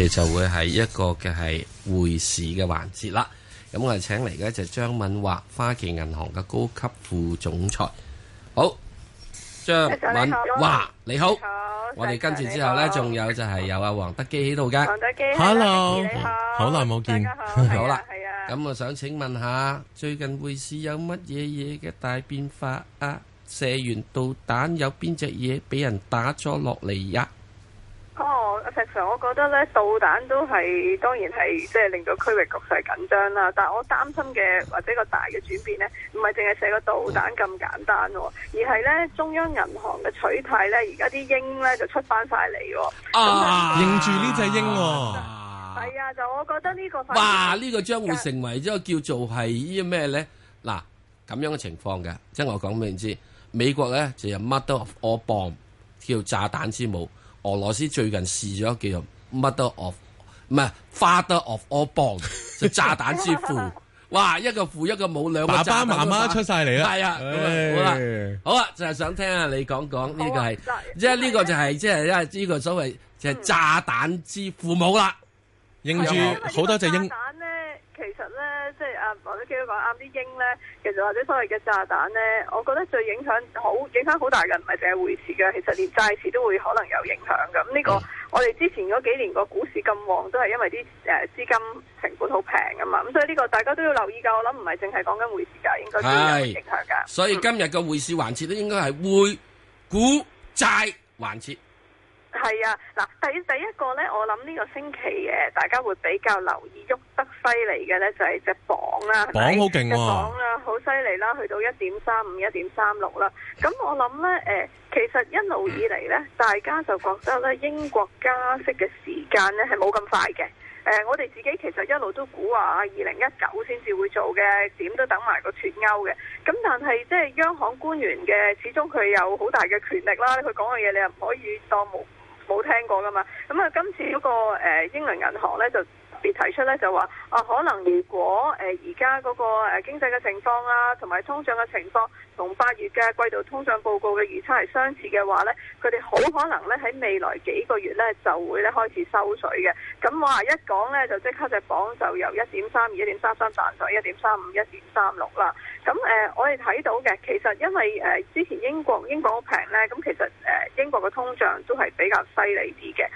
我哋就會係一個嘅係匯市嘅環節啦。咁我哋請嚟嘅就係張敏華，花旗銀行嘅高級副總裁。好，張敏華你好，我哋跟住之後咧，仲有就係有阿黃德基喺度嘅。黃德基，hello，你好，好耐冇見，大家好。好啦，咁我想請問下，最近匯市有乜嘢嘢嘅大變化啊？射完導彈，有邊隻嘢俾人打咗落嚟呀？哦，阿石 Sir，我覺得咧，導彈都係當然係即係令到區域局勢緊張啦。但係我擔心嘅或者個大嘅轉變咧，唔係淨係寫個導彈咁簡單喎，哦，而係咧中央銀行嘅取態咧，而家啲鷹咧就出翻晒嚟喎。是是啊，認住呢隻鷹喎，係、嗯、啊，啊、嗯，就我覺得呢個哇，呢、這個將會成為咗個叫做係呢咩咧？嗱咁樣嘅情況嘅，即係我講俾你知，美國咧就由乜都我磅叫炸彈之母。俄羅斯最近試咗：Mother of 唔係 father of all bombs 即 炸彈之父， 哇一個父一個母兩個炸彈。爸爸媽媽出晒嚟啦。係啊、哎、啊，好啦，好，好，就是、講講好啊，就係想聽下你講講呢個係，即係呢個就係即係因為呢個所謂就係炸彈之父母啦，嗯、認住好多隻英。話啱啲鷹咧，其實或者所謂嘅炸彈咧，我覺得最影響好影響好大嘅唔係淨係匯市嘅，其實連債市都會可能有影響噶。咁、嗯、呢、嗯、個我哋之前嗰幾年個股市咁旺，都係因為啲誒資金成本好平啊嘛。咁所以呢個大家都要留意噶。我諗唔係淨係講緊匯市噶，應該都有影響噶。所以今日嘅匯市環節都應該係匯股債環節。係、嗯、啊，嗱，第第一個咧，我諗呢個星期誒，大家會比較留意喐。犀利嘅呢就係隻鎊啦，鎊好勁啊！鎊啦，好犀利啦，去到一點三五、一點三六啦。咁我諗呢，誒、呃，其實一路以嚟呢，大家就覺得呢英國加息嘅時間呢係冇咁快嘅。誒、呃，我哋自己其實一路都估話二零一九先至會做嘅，點都等埋個脫歐嘅。咁但係即係央行官員嘅，始終佢有好大嘅權力啦。佢講嘅嘢你又唔可以當冇冇聽過㗎嘛？咁啊、那個，今次嗰個誒，英倫銀行呢，就。特別提出咧就話啊，可能如果誒而家嗰個誒經濟嘅情況啊，同埋通脹嘅情況，同八月嘅季度通脹報告嘅預測係相似嘅話咧，佢哋好可能咧喺未來幾個月咧就會咧開始收水嘅。咁話一講咧就即刻就榜就由一點三二、一點三三彈咗一點三五、一點三六啦。咁誒，我哋睇到嘅其實因為誒、呃、之前英國英國好平咧，咁其實誒、呃、英國嘅通脹都係比較犀利啲嘅。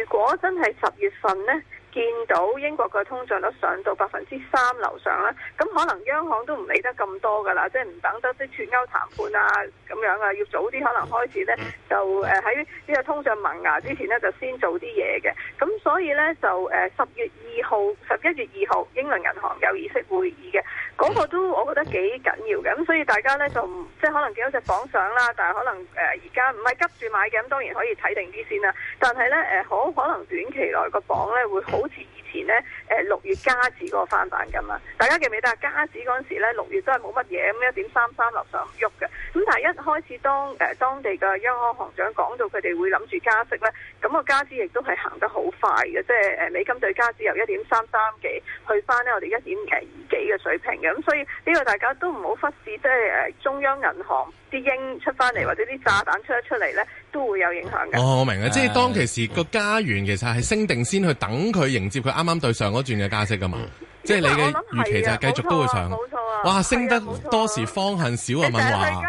如果真係十月份咧，見到英國嘅通脹都上到百分之三樓上啦，咁可能央行都唔理得咁多噶啦，即係唔等得即脫歐談判啊咁樣啊，要早啲可能開始呢。就誒喺呢個通脹萌芽之前呢，就先做啲嘢嘅，咁所以呢，就誒十月二號十一月二號英倫銀行有議息會議嘅。嗰個都我覺得幾緊要嘅，咁所以大家呢，就即係可能幾多隻榜上啦，但係可能誒而家唔係急住買嘅，咁當然可以睇定啲先啦。但係呢，誒、呃，好可能短期內個榜呢會好似以前呢。誒六月加紙嗰個翻版咁啊！大家記唔記得啊？加紙嗰陣時咧，六月都係冇乜嘢咁一點三三樓上喐嘅。咁但係一開始當誒、呃、當地嘅央行行長講到佢哋會諗住加息咧，咁、那個加紙亦都係行得好快嘅，即係誒、呃、美金對加紙由一點三三幾去翻咧我哋一點誒二幾嘅水平嘅。咁、嗯、所以呢個大家都唔好忽視，即係誒中央銀行啲鷹出翻嚟，或者啲炸彈出一出嚟咧，都會有影響嘅。哦，我明啊，即係當其時個加元其實係升定先去等佢迎接佢啱啱對上轉嘅加息噶嘛，即係你嘅預期就係繼續都會上，冇錯啊，哇，升得多時方恨少啊！問話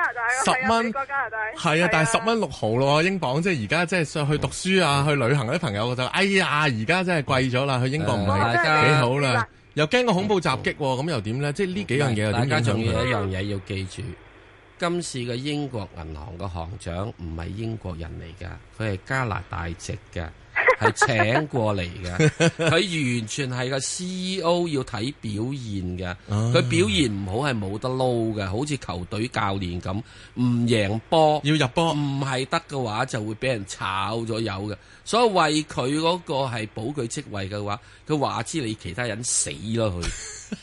十蚊係啊，但係十蚊六毫咯。英鎊即係而家即係上去讀書啊，去旅行嗰啲朋友就覺得，哎呀，而家真係貴咗啦，去英國唔係幾好啦，又驚個恐怖襲擊，咁又點咧？即係呢幾樣嘢又點解大家仲有一樣嘢要記住，今次嘅英國銀行嘅行長唔係英國人嚟噶，佢係加拿大籍嘅。係。 請過嚟嘅，佢完全係個 CEO 要睇表現嘅，佢、啊、表現唔好係冇得撈嘅，好似球隊教練咁，唔贏波要入波，唔係得嘅話就會俾人炒咗魷嘅，所以為佢嗰個係保佢職位嘅話，佢話知你其他人死咯佢。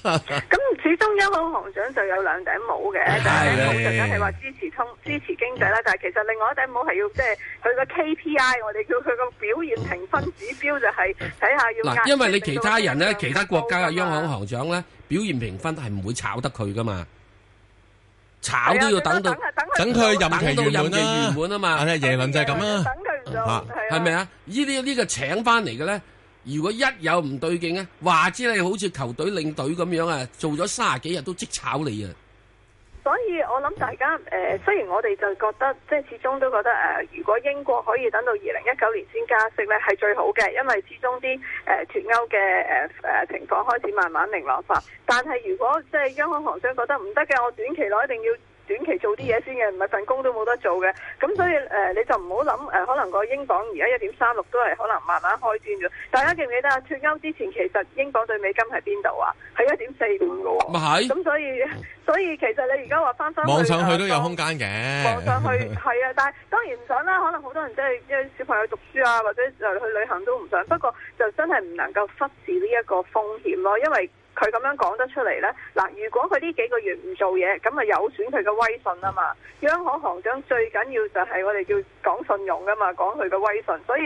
始終央行行長就有兩頂帽嘅，第一頂帽就係話支持通支持經濟啦，但係其實另外一頂帽係要即係佢個 KPI，我哋叫佢個表現評分指標就係睇下要。嗱，因為你其他人咧，其他國家嘅央行行長咧，表現評分係唔會炒得佢噶嘛，炒都要等到等佢任期完滿啊嘛。耶倫就係咁啊，係咪啊？呢啲呢個請翻嚟嘅咧？如果一有唔對勁啊，話之你好似球隊領隊咁樣啊，做咗三十幾日都即炒你啊！所以我諗大家誒、呃，雖然我哋就覺得即係始終都覺得誒、呃，如果英國可以等到二零一九年先加息呢，係最好嘅，因為始終啲誒脫歐嘅誒誒情況開始慢慢明朗化。但係如果即係央行行長覺得唔得嘅，我短期內一定要。短期做啲嘢先嘅，唔係份工都冇得做嘅。咁所以誒、呃，你就唔好諗誒，可能個英鎊而家一點三六都係可能慢慢開端咗。大家記唔記得啊？脫歐之前其實英鎊對美金係邊度啊？係一點四五嘅喎。咪係。咁所以所以其實你而家話翻翻去，望上去都有空間嘅。望上去係啊， 但係當然唔想啦。可能好多人即係因為小朋友讀書啊，或者就去旅行都唔想。不過就真係唔能夠忽視呢一個風險咯，因為。佢咁樣講得出嚟咧，嗱，如果佢呢幾個月唔做嘢，咁咪有損佢嘅威信啊嘛。央行行長最緊要就係我哋叫講信用噶嘛，講佢嘅威信，所以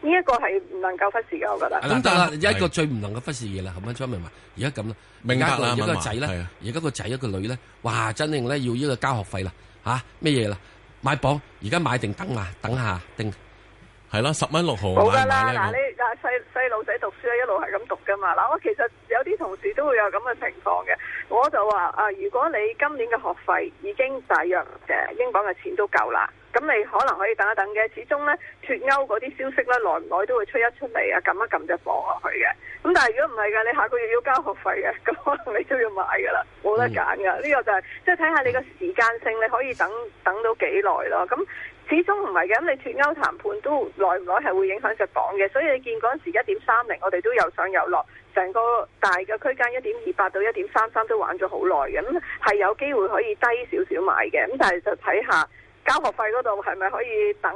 呢一個係唔能夠忽視嘅，我覺得。咁但係一個最唔能夠忽視嘅嘢啦，係咪？張明話，而家咁啦，明白啦，而家個仔咧，而家的個仔一個女咧，哇！真係咧要呢個交學費啦，吓咩嘢啦？買房而家買定等下，等下定係啦，十蚊六毫。買買好嘅啦，細細路仔讀書咧，一路係咁讀噶嘛。嗱，我其實有啲同事都會有咁嘅情況嘅。我就話啊，如果你今年嘅學費已經大約嘅英鎊嘅錢都夠啦，咁你可能可以等一等嘅。始終咧脫歐嗰啲消息咧，耐唔耐都會出一出嚟啊，撳一撳就放落去嘅。咁但係如果唔係嘅，你下個月要交學費嘅，咁可能你都要買噶啦，冇得揀噶。呢、嗯、個就係、是、即係睇下你個時間性，你可以等等到幾耐咯。咁。始終唔係嘅，咁你脫歐談判都耐唔耐係會影響隻鎊嘅，所以你見嗰陣時一點三零，我哋都有上有落，成個大嘅區間一點二八到一點三三都玩咗好耐嘅，咁係有機會可以低少少買嘅，咁但係就睇下交學費嗰度係咪可以等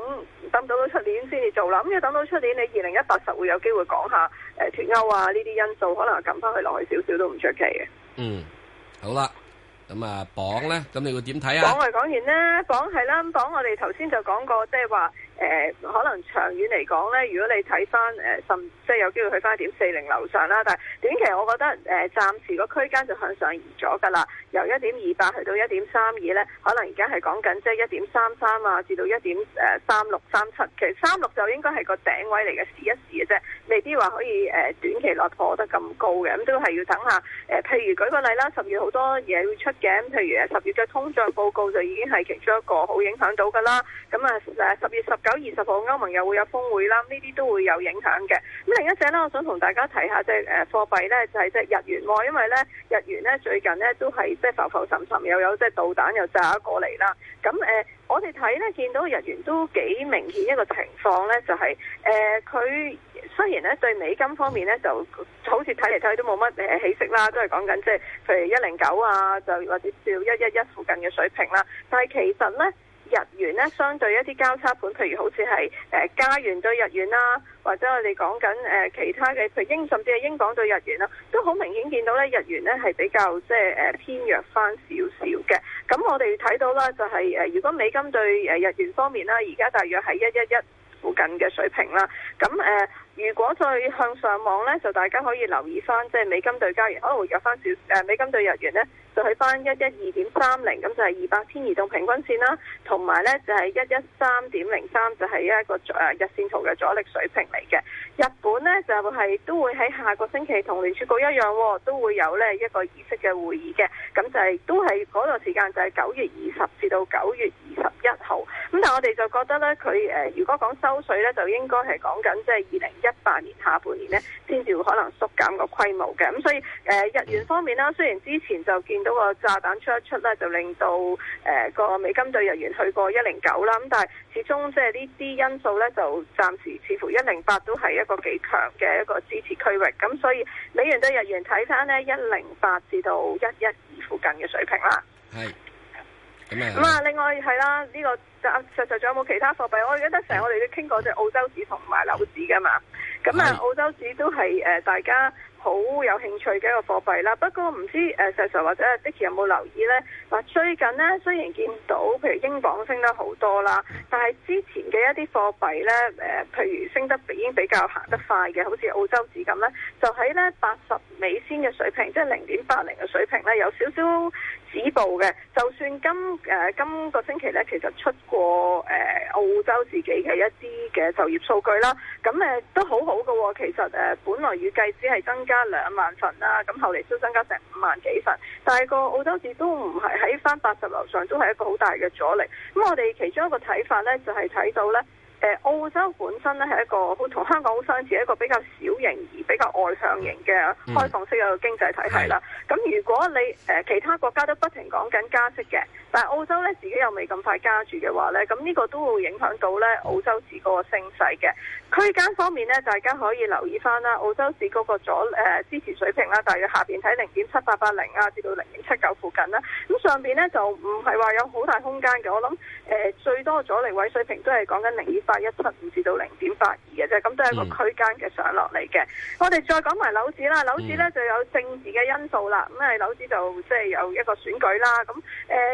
等到到出年先至做啦，咁要等到出年你二零一八十會有機會講下誒脫歐啊呢啲因素，可能撳翻去落去少少都唔出奇嘅。嗯，好啦。咁啊，榜咧，咁你會點睇啊？講完講完啦，榜係啦，咁榜我哋頭先就講過，即係話。誒、呃、可能長遠嚟講咧，如果你睇翻誒甚至，即係有機會去翻一點四零樓上啦。但係短期我覺得誒、呃、暫時個區間就向上移咗㗎啦，由一點二八去到一點三二咧，可能而家係講緊即係一點三三啊，至到一點誒三六三七。其實三六就應該係個頂位嚟嘅試一試嘅啫，未必話可以誒短期內破得咁高嘅。咁都係要等下誒，譬、呃、如舉個例啦，十月好多嘢會出嘅，譬如誒十月嘅通脹報告就已經係其中一個好影響到㗎啦。咁啊誒十月十日。有二十號歐盟又會有峰會啦，呢啲都會有影響嘅。咁另一隻呢，我想同大家提下即係誒貨幣呢，就係即係日元喎、哦。因為呢日元呢，最近呢都係即係浮浮沉沉，又有即係導彈又炸過嚟啦。咁誒、呃，我哋睇呢，見到日元都幾明顯一個情況呢，就係誒佢雖然呢對美金方面呢，就好似睇嚟睇去都冇乜誒起色啦，都係講緊即係譬如一零九啊，就或者照一一一附近嘅水平啦。但係其實呢。日元呢，相對一啲交叉盤，譬如好似係誒加元對日元啦，或者我哋講緊誒其他嘅，譬如英甚至係英鎊對日元啦，都好明顯見到咧，日元呢係比較即係誒偏弱翻少少嘅。咁我哋睇到啦，就係誒，如果美金對誒日元方面啦，而家大約喺一一一附近嘅水平啦。咁誒，如果再向上望呢，就大家可以留意翻，即係美金對加元可能會有翻少少，美金對日元呢。1> 去1 30，就去翻一一二點三零，咁就係二百天移動平均線啦，同埋呢，就係一一三點零三，就係一個誒日線圖嘅阻力水平嚟嘅。日本呢，就係、是、都會喺下個星期同聯儲局一樣，都會有呢一個議息嘅會議嘅。咁就係都係嗰段時間，就係九月二十至到九月二十一號。咁但係我哋就覺得呢，佢誒如果講收水呢，就應該係講緊即係二零一八年下半年呢，先至會可能縮減個規模嘅。咁所以誒、呃、日元方面啦，雖然之前就見。到個炸彈出一出咧，就令到誒、呃、個美金對日元去過一零九啦。咁但係始終即係呢啲因素咧，就暫時似乎一零八都係一個幾強嘅一個支持區域。咁所以美元對日元睇翻咧，一零八至到一一二附近嘅水平啦。係咁、這個、啊。另外係啦，呢個實實仲有冇其他貨幣？我記得成日我哋都傾過隻澳洲紙同埋紐紙噶嘛。咁啊，是澳洲紙都係誒、呃、大家。好有興趣嘅一個貨幣啦，不過唔知誒石 Sir 或者 Dicky 有冇留意呢？話、啊、最近呢，雖然見到譬如英鎊升得好多啦，但係之前嘅一啲貨幣呢，誒、呃，譬如升得已經比較行得快嘅，好似澳洲紙咁呢，就喺呢八十美仙嘅水平，即係零點八零嘅水平呢，有少少止步嘅，就算今誒、呃、今個星期咧，其實出過誒、呃、澳洲自己嘅一啲嘅就業數據啦，咁誒、呃、都好好嘅喎。其實誒、呃、本來預計只係增加兩萬份啦，咁後嚟都增加成五萬幾份，但係個澳洲市都唔係喺返八十樓上，都係一個好大嘅阻力。咁我哋其中一個睇法咧，就係、是、睇到咧。澳洲本身咧係一個好同香港好相似，一個比較小型而比較外向型嘅開放式嘅經濟體係啦。咁、嗯、如果你誒、呃、其他國家都不停講緊加息嘅，但係澳洲咧自己又未咁快加住嘅話呢，咁呢個都會影響到咧澳洲市嗰個升勢嘅區間方面咧，大家可以留意翻啦。澳洲市嗰個阻、呃、支持水平啦，大約下邊睇零點七八八零啊，至到零點七九附近啦。咁上邊呢就唔係話有好大空間嘅，我諗誒、呃、最多阻力位水平都係講緊零八一七五至到零點八二嘅啫，咁都係一個區間嘅上落嚟嘅。我哋再講埋樓市啦，樓市咧就有政治嘅因素啦。咁、嗯、啊，樓市就即係有一個選舉啦。咁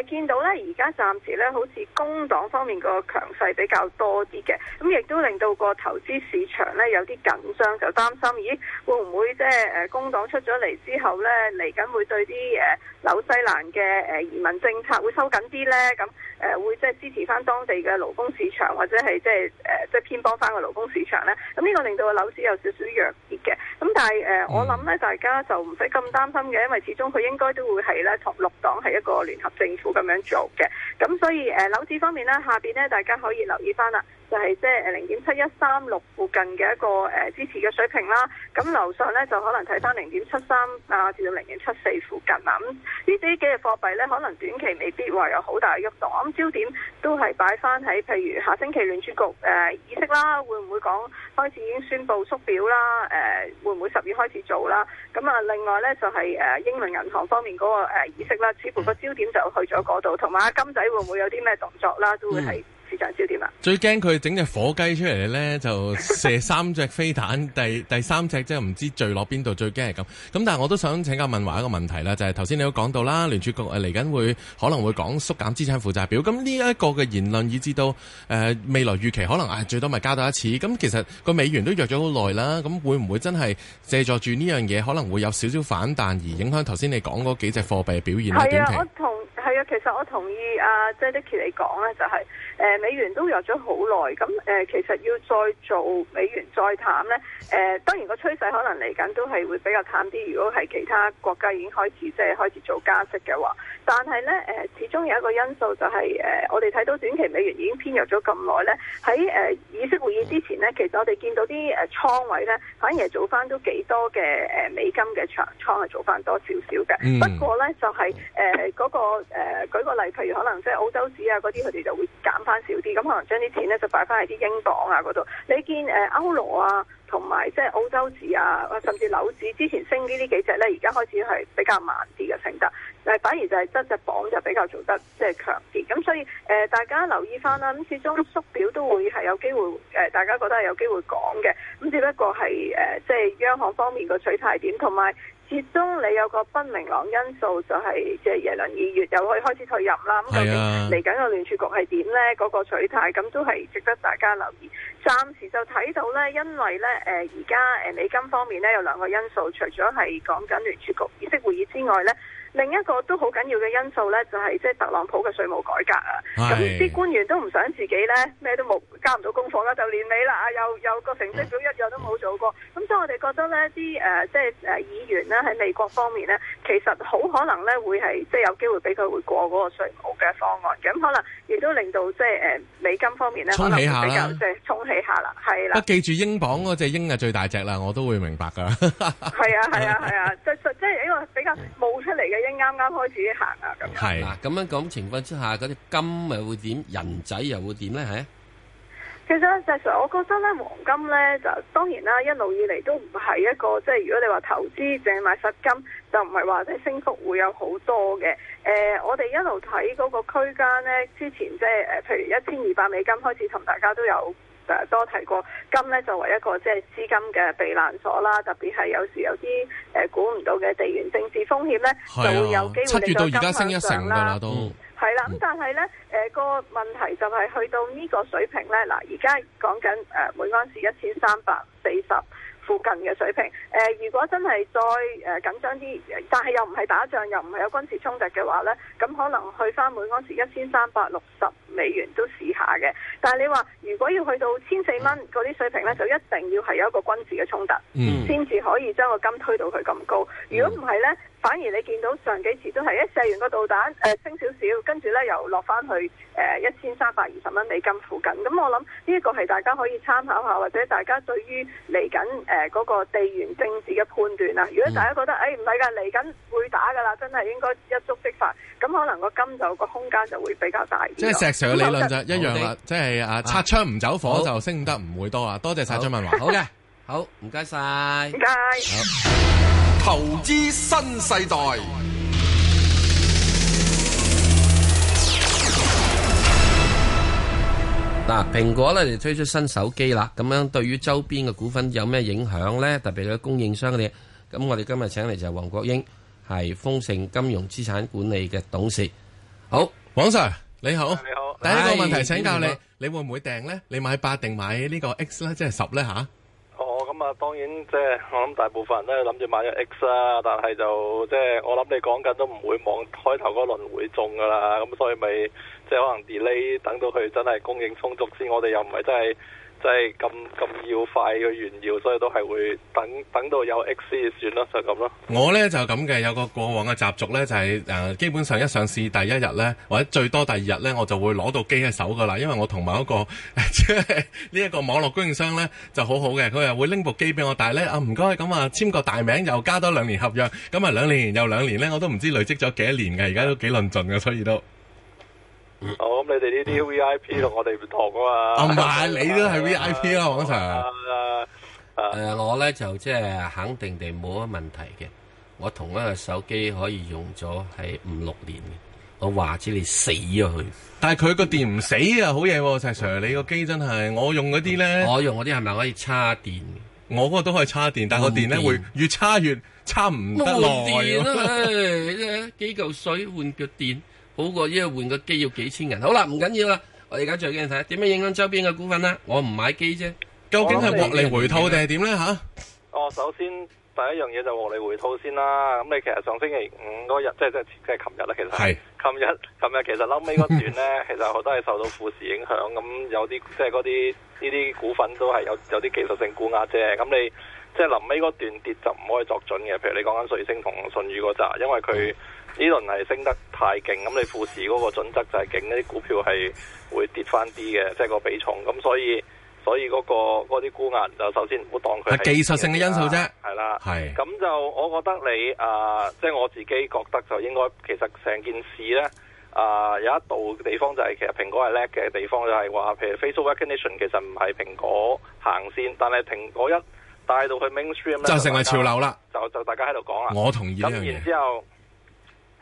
誒，見到咧而家暫時咧，好似工黨方面個強勢比較多啲嘅。咁亦都令到個投資市場咧有啲緊張，就擔心咦會唔會即係誒工黨出咗嚟之後咧嚟緊會對啲誒紐西蘭嘅誒移民政策會收緊啲咧？咁誒會即係支持返當地嘅勞工市場或者係即係。誒、呃，即係偏幫翻個勞工市場咧，咁、嗯、呢、這個令到個樓市有少少弱啲嘅，咁但係誒，呃嗯、我諗咧大家就唔使咁擔心嘅，因為始終佢應該都會係咧同六黨係一個聯合政府咁樣做嘅，咁、嗯、所以誒樓、呃、市方面咧，下邊咧大家可以留意翻啦，就係即係零點七一三六附近嘅一個誒、呃、支持嘅水平啦，咁、嗯、樓上咧就可能睇翻零點七三啊，至到零點七四附近啦，咁、嗯、呢幾隻嘅貨幣咧可能短期未必話有好大嘅喐動，我、嗯、焦點。都係擺翻喺，譬如下星期聯儲局誒、呃、議息啦，會唔會講開始已經宣布縮表啦？誒、呃、會唔會十月開始做啦？咁啊，另外呢就係、是、誒、呃、英倫銀行方面嗰、那個誒、呃、議息啦，似乎個焦點就去咗嗰度，同埋金仔會唔會有啲咩動作啦？都會係市場焦點啊！最驚佢整隻火雞出嚟呢，就射三隻飛彈，第第三隻即係唔知墜落邊度，最驚係咁。咁但係我都想請教問華一個問題啦，就係頭先你都講到啦，聯儲局嚟緊會可能會講縮減資產負債表，咁呢一個嘅言論以至到誒、呃、未來預期可能誒、哎、最多咪加多一次。咁其實個美元都弱咗好耐啦，咁會唔會真係借助住呢樣嘢，可能會有少少反彈而影響頭先你講嗰幾隻貨幣表現咧？係啊的，短期其實我同意啊，Jadey 嚟講咧，就係、是、誒、呃、美元都弱咗好耐，咁、呃、誒其實要再做美元再淡咧，誒、呃、當然個趨勢可能嚟緊都係會比較淡啲。如果係其他國家已經開始即係開始做加息嘅話，但係咧誒，始終有一個因素就係、是、誒、呃，我哋睇到短期美元已經偏弱咗咁耐咧。喺誒議息會議之前咧，其實我哋見到啲誒倉位咧，反而係做翻都幾多嘅誒美金嘅長倉係做翻多少少嘅。嗯、不過咧就係誒嗰個、呃誒，舉個例，譬如可能即係澳洲紙啊嗰啲，佢哋就會減翻少啲，咁可能將啲錢咧就擺翻喺啲英鎊啊嗰度。你見誒歐羅啊，同埋即係澳洲紙啊，甚至紐紙之前升啲，呢幾隻咧，而家開始係比較慢啲嘅升得，但係反而就係得隻鎊，就是、就比較做得即係、就是、強。咁所以，誒、呃、大家留意翻啦。咁始終縮表都會係有機會，誒、呃、大家覺得係有機會講嘅。咁只不過係誒、呃，即係央行方面個取態點，同埋始終你有個不明朗因素，就係即係耶倫二月又可以開始退入啦。咁、啊、究竟嚟緊個聯儲局係點咧？嗰、那個取態咁都係值得大家留意。暫時就睇到咧，因為咧，誒而家誒美金方面咧有兩個因素，除咗係講緊聯儲局議息會議之外咧。另一個都好緊要嘅因素咧，就係即係特朗普嘅稅務改革啊！咁啲是官員都唔想自己咧咩都冇，交唔到功課啦，就年尾啦，又又個成績表一樣都冇做過。咁所以我哋覺得咧，啲、呃、誒即係誒議員咧喺美國方面咧，其實好可能咧會係即係有機會俾佢會過嗰個稅務嘅方案。咁可能亦都令到即係誒美金方面咧可能會比較即係沖起下啦。不記住英鎊嗰隻英係最大隻啦，我都會明白㗎。係啊係啊係啊！即即即。的比較冒出嚟嘅，一啱啱開始行啊咁。係啦，咁樣講情況之下，嗰啲金咪會點，人仔又會點咧？吓，其實阿石 Sir，我覺得咧，黃金咧就當然啦，一路以嚟都唔係一個，即係如果你話投資淨買實金，就唔係話即係升幅會有好多嘅。誒、呃，我哋一路睇嗰個區間咧，之前即係誒，譬如一千二百美金開始，同大家都有。就係多提過金咧，作為一個即係資金嘅避難所啦。特別係有時有啲誒、呃、估唔到嘅地緣政治風險咧，就、啊、會有機會嘅金上到升一成啦。都係啦，咁、嗯啊、但係咧，誒，個問題就係去到呢個水平咧，嗱，而家講緊誒每安士一千三百四十附近嘅水平，誒、呃，如果真係再誒、呃、緊張啲，但係又唔係打仗，又唔係有軍事衝突嘅話，呢咁可能去翻每盎司一千三百六十美元都試下嘅。但係你話如果要去到千四蚊嗰啲水平呢就一定要係有一個軍事嘅衝突，嗯，先至可以將個金推到佢咁高。如果唔係呢？嗯反而你見到上幾次都係一射完個導彈，誒升少少，跟住咧又落翻去誒一千三百二十蚊美金附近。咁我諗呢一個係大家可以參考下，或者大家對於嚟緊誒嗰個地緣政治嘅判斷啊。如果大家覺得誒唔使㗎，嚟緊會打㗎啦，真係應該一觸即發。咁可能個金就個空間就會比較大啲。即係石 Sir 嘅理論就一樣啦，即係啊，擦槍唔走火就升得唔會多啦。多謝曬張文華，好嘅，好唔該曬，拜。投資新世代。嗱，蘋果咧就推出新手機啦，咁樣對於周邊嘅股份有咩影響呢？特別係佢供應商嗰啲，咁我哋今日請嚟就係黃國英，係豐盛金融資產管理嘅董事。好，黃 Sir 你好，你好，第一個問題請教你，你會唔會訂呢？你買八定買呢個 X 呢，即係十呢吓？咁啊，當然即係、就是、我諗大部分人 X,、就是、都係諗住買咗 X 啦，但係就即係我諗你講緊都唔會望開頭嗰輪會中㗎啦，咁、嗯、所以咪即係可能 delay 等到佢真係供應充足先，我哋又唔係真係。就係咁，咁要快嘅炫耀，所以都係會等等到有 X C 算咯，就咁咯。我呢就咁嘅，有個過往嘅習俗呢，就係、是、誒、呃，基本上一上市第一日呢，或者最多第二日呢，我就會攞到機嘅手噶啦。因為我同埋一個即係呢一個網絡供應商呢，就好好嘅，佢又會拎部機俾我。但係呢啊，唔該咁啊，簽個大名又加多兩年合約，咁啊兩年又兩年呢，我都唔知累積咗幾多年嘅，而家都幾論盡嘅，所以都。哦，咁、嗯嗯、你哋呢啲 V I P 同我哋唔同啊嘛。唔係、啊，啊、你都係 V I P 啊，王 Sir。誒、啊啊啊呃，我咧就即係肯定地冇乜問題嘅。我同一部手機可以用咗喺五六年嘅，我話之你，你死咗佢。但係佢個電唔死啊，好嘢喎，Sir、嗯。你個機真係，我用嗰啲咧。我用我啲係咪可以叉電？我嗰個都可以叉電，但係個電咧電會越叉越叉唔得耐咯。幾嚿水換腳電。哎好過一換個機要幾千人，好啦，唔緊要啦，我而家最緊要睇，點樣影響周邊嘅股份啦、啊？我唔買機啫，究竟係獲利回吐定係點呢？吓，哦，首先第一樣嘢就獲利回吐先啦。咁、嗯、你其實上星期五嗰日，即係即係即係琴日啦，其實係琴是日，琴日其實臨尾嗰段呢， 其實我都係受到富時影響。咁有啲即係嗰啲呢啲股份都係有有啲技術性沽壓啫。咁你即係臨尾嗰段跌就唔可以作準嘅。譬如你講緊瑞聲同舜宇嗰集，因為佢。呢輪係升得太勁，咁你富時嗰個準則就係勁啲股票係會跌翻啲嘅，即係個比重。咁所以所以嗰、那個嗰啲沽壓就首先唔好當佢係技術性嘅因素啫。係啦，係是。咁就我覺得你啊，即、呃、係、就是、我自己覺得就應該其實成件事咧啊、呃、有一度地方就係、是、其實蘋果係叻嘅地方就係話，譬如 face recognition 其實唔係蘋果行先，但係蘋果一帶到去 mainstream 咧，就成為潮流啦。就就大家喺度講啦。我同意呢樣嘢。咁然之後。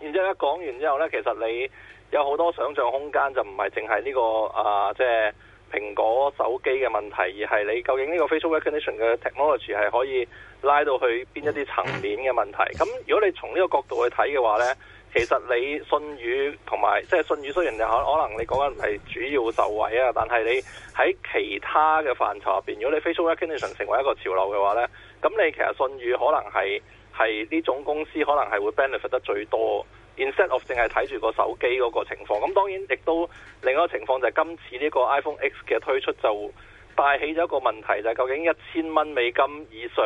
然之後一講完之後呢，其實你有好多想像空間，這個呃，就唔係淨係呢個啊，即係蘋果手機嘅問題，而係你究竟呢個 Facial Recognition 嘅 Technology 係可以拉到去邊一啲層面嘅問題？咁如果你從呢個角度去睇嘅話呢，其實你信譽同埋即係信譽雖然你可可能你講緊唔係主要受惠啊，但係你喺其他嘅範疇入邊，如果你 Facial Recognition 成為一個潮流嘅話呢，咁你其實信譽可能係。係呢種公司可能係會 benefit 得最多。instead of 淨係睇住個手機嗰個情況。咁當然亦都另一個情況就係、是、今次呢個 iPhone X 嘅推出就帶起咗一個問題就係、是、究竟一千蚊美金以上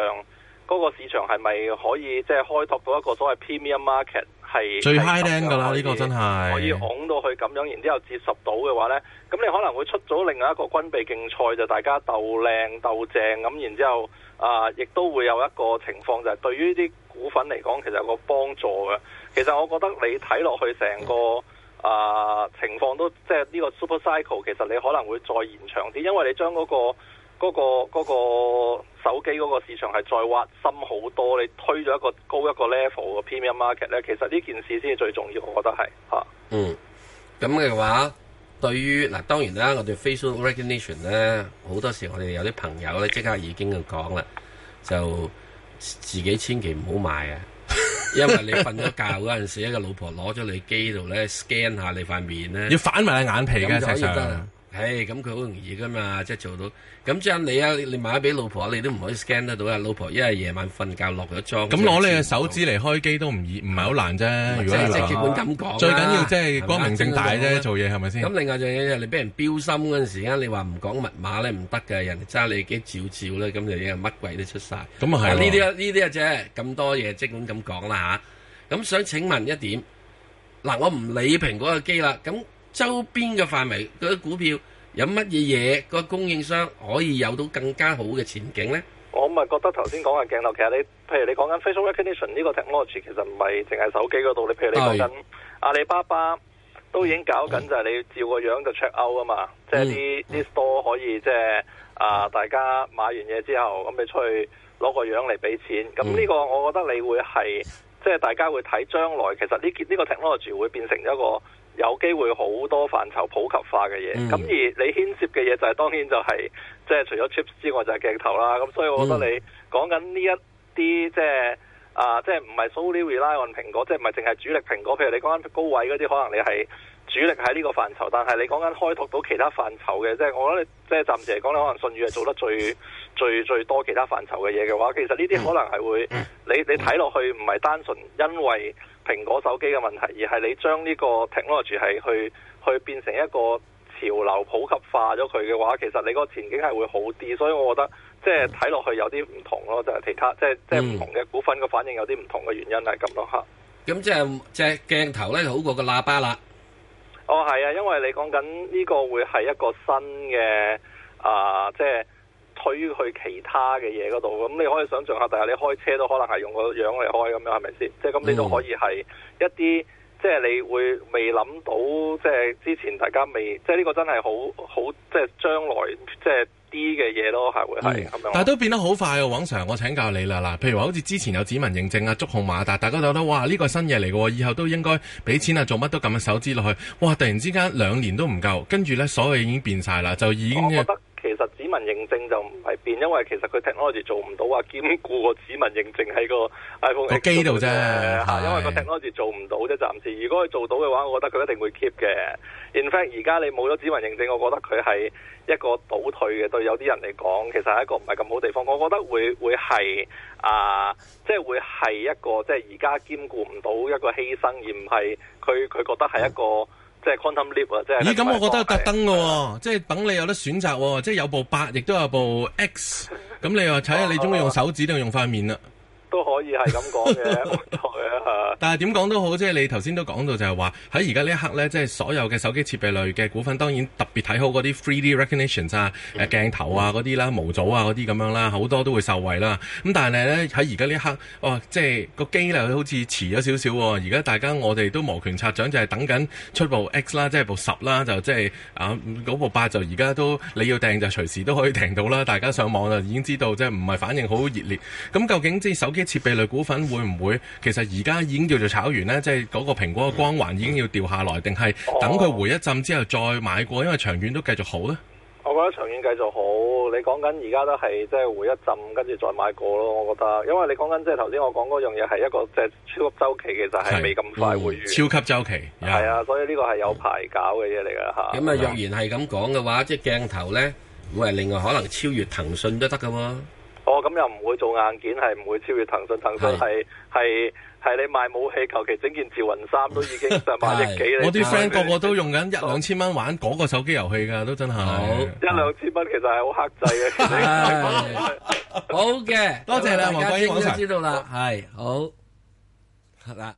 嗰、那個市場係咪可以即係、就是、開拓到一個所謂 premium market 係最 high end 㗎啦？呢以個真係可以拱到去咁樣，然之後接受到嘅話呢。咁你可能會出咗另外一個軍備競賽就大家鬥靚鬥正咁，然之後。啊！亦都會有一個情況，就係、是、對於啲股份嚟講，其實有個幫助嘅。其實我覺得你睇落去成個啊情況都即係呢個 super cycle，其實你可能會再延長啲，因為你將嗰、那個嗰、那個那個那個、手機嗰個市場係再挖深好多，你推咗一個高一個 level 嘅 premium market 咧，其實呢件事先至最重要，我覺得係嚇。啊、嗯，咁嘅話。對於嗱、啊，當然啦，我哋 facial recognition 咧，好多時我哋有啲朋友咧，即刻已經就講啦，就自己千祈唔好買啊，因為你瞓咗覺嗰陣時， 一個老婆攞咗你機度咧，scan 下你塊面咧，要反埋你眼皮㗎，就石尚。誒咁，佢好容易噶嘛，即係做到。咁即係你啊，你買咗俾老婆，你都唔可以 scan 得到啊。老婆因為夜晚瞓覺落咗妝。咁攞那我 是你嘅手指嚟開機都唔易，唔係好難啫。如果即係即係基本咁講，啊。最緊要即係光明正大啫，的做嘢係咪先？咁另外一樣嘢就你俾人標心嗰陣時啊，你話唔講密碼咧唔得嘅，人哋揸你機照照咧，咁就已經乜鬼都出晒。咁啊係。呢啲啊呢啲啊啫，咁多嘢即係咁講啦吓。咁想請問一點，嗱我唔理蘋果嘅機啦，咁。周邊嘅範圍嗰啲股票，有乜嘢嘢個供應商可以有到更加好嘅前景呢？我咪覺得頭先講嘅鏡頭，其實你譬如你講緊 facial recognition 呢個 technology，其實唔係淨係手機嗰度。你譬如你講緊阿里巴巴都已經搞緊，就係你照個樣就 check out 啊嘛。嗯、即係啲啲 store 可以即係啊，大家買完嘢之後咁你出去攞個樣嚟俾錢。咁呢、嗯、個我覺得你會係即係大家會睇將來，其實呢呢、呢個 technology 會變成一個。有機會好多範疇普及化嘅嘢，咁、嗯、而你牽涉嘅嘢就係、是、當然就係即係除咗 chips 之外就係鏡頭啦。咁所以我覺得你講緊呢一啲即係啊即係唔係 solely rely on 蘋果，即係唔係淨係主力蘋果。譬如你講緊高位嗰啲，可能你係主力喺呢個範疇，但係你講緊開拓到其他範疇嘅，即、就、係、是、我覺得你，即、就、係、是、暫時嚟講你可能舜宇係做得最最最多其他範疇嘅嘢嘅話，其實呢啲可能係會、嗯、你你睇落去唔係單純因為。蘋果手機嘅問題，而係你將呢個 technology 係去去變成一個潮流普及化咗佢嘅話，其實你個前景係會好啲，所以我覺得即係睇落去有啲唔同咯，就係、是、其他即係即係唔同嘅股份嘅反應有啲唔同嘅原因係咁咯嚇。咁、嗯、即係即係鏡頭咧好過個喇叭啦。哦，係啊，因為你講緊呢個會係一個新嘅啊、呃，即係。推去其他嘅嘢嗰度，咁你可以想象下，但係你開車都可能係用個樣嚟開咁樣，係咪先？即係咁，你都可以係一啲即係你會未諗到，即係之前大家未，即係呢個真係好好即係將來即係啲嘅嘢咯，係會係咁樣。但係都變得好快喎、啊！往常我請教你啦，嗱，譬如話好似之前有指紋認證啊、觸控馬達，但大家都覺得哇，呢個新嘢嚟嘅，以後都應該俾錢啊、做乜都撳個手指落去。哇！突然之間兩年都唔夠，跟住呢所有已經變晒啦，就已經其實指紋認證就唔係變，因為其實佢 technology 做唔到啊，兼顧個指紋認證喺個 iPhone X 度啫。嚇，因為個 technology 做唔到啫，的暫時。如果佢做到嘅話，我覺得佢一定會 keep 嘅。In fact，而家你冇咗指紋認證，我覺得佢係一個倒退嘅。對有啲人嚟講，其實係一個唔係咁好地方。我覺得會會係啊，即、呃、係、即係、會係一個即係而家兼顧唔到一個犧牲，而唔係佢佢覺得係一個。嗯即、um、lip, 即咦，咁、嗯、我覺得有特登㗎喎，對即係等你有得選擇喎，即係有部八，亦都有部 X，咁 你話睇下你中意用手指定 用塊面啊？都可以係咁講嘅， 但係點講都好，即係你頭先都講到就係話喺而家呢一刻呢，即係所有嘅手機設備類嘅股份，當然特別睇好嗰啲 3D recognition 啊、誒鏡頭啊嗰啲啦、模組啊嗰啲咁樣啦，好多都會受惠啦。咁但係呢，喺而家呢一刻，哦，即係個機咧好似遲咗少少喎。而家大家我哋都摩拳擦掌，就係等緊出部 X 啦，即係部十啦，就即係啊嗰部八就而家都你要訂就隨時都可以訂到啦。大家上網就已經知道，即係唔係反應好熱烈。咁究竟即係手機設備類股份會唔會其實而家已經叫做炒完咧？即係嗰個蘋果嘅光環已經要掉下來，定係等佢回一浸之後再買過？因為長遠都繼續好呢？我覺得長遠繼續好。你講緊而家都係即係回一浸，跟住再買過咯。我覺得，因為你講緊即係頭先我講嗰樣嘢係一個即係超級周期，其實係未咁快回、嗯、超級周期。係、yeah. 啊，所以呢個係有排搞嘅嘢嚟㗎吓。咁、嗯、啊，若然係咁講嘅話，即係鏡頭呢，會係另外可能超越騰訊都得㗎喎。我咁又唔會做硬件，係唔會超越騰訊。騰訊係係係你賣武器，求其整件趙雲衫都已經成萬億幾。我啲 friend 個個都用緊一兩千蚊玩嗰個手機遊戲㗎，都真係一兩千蚊其實係好克制嘅。好嘅，多謝啦，黃光英，我知道啦，係好，啦。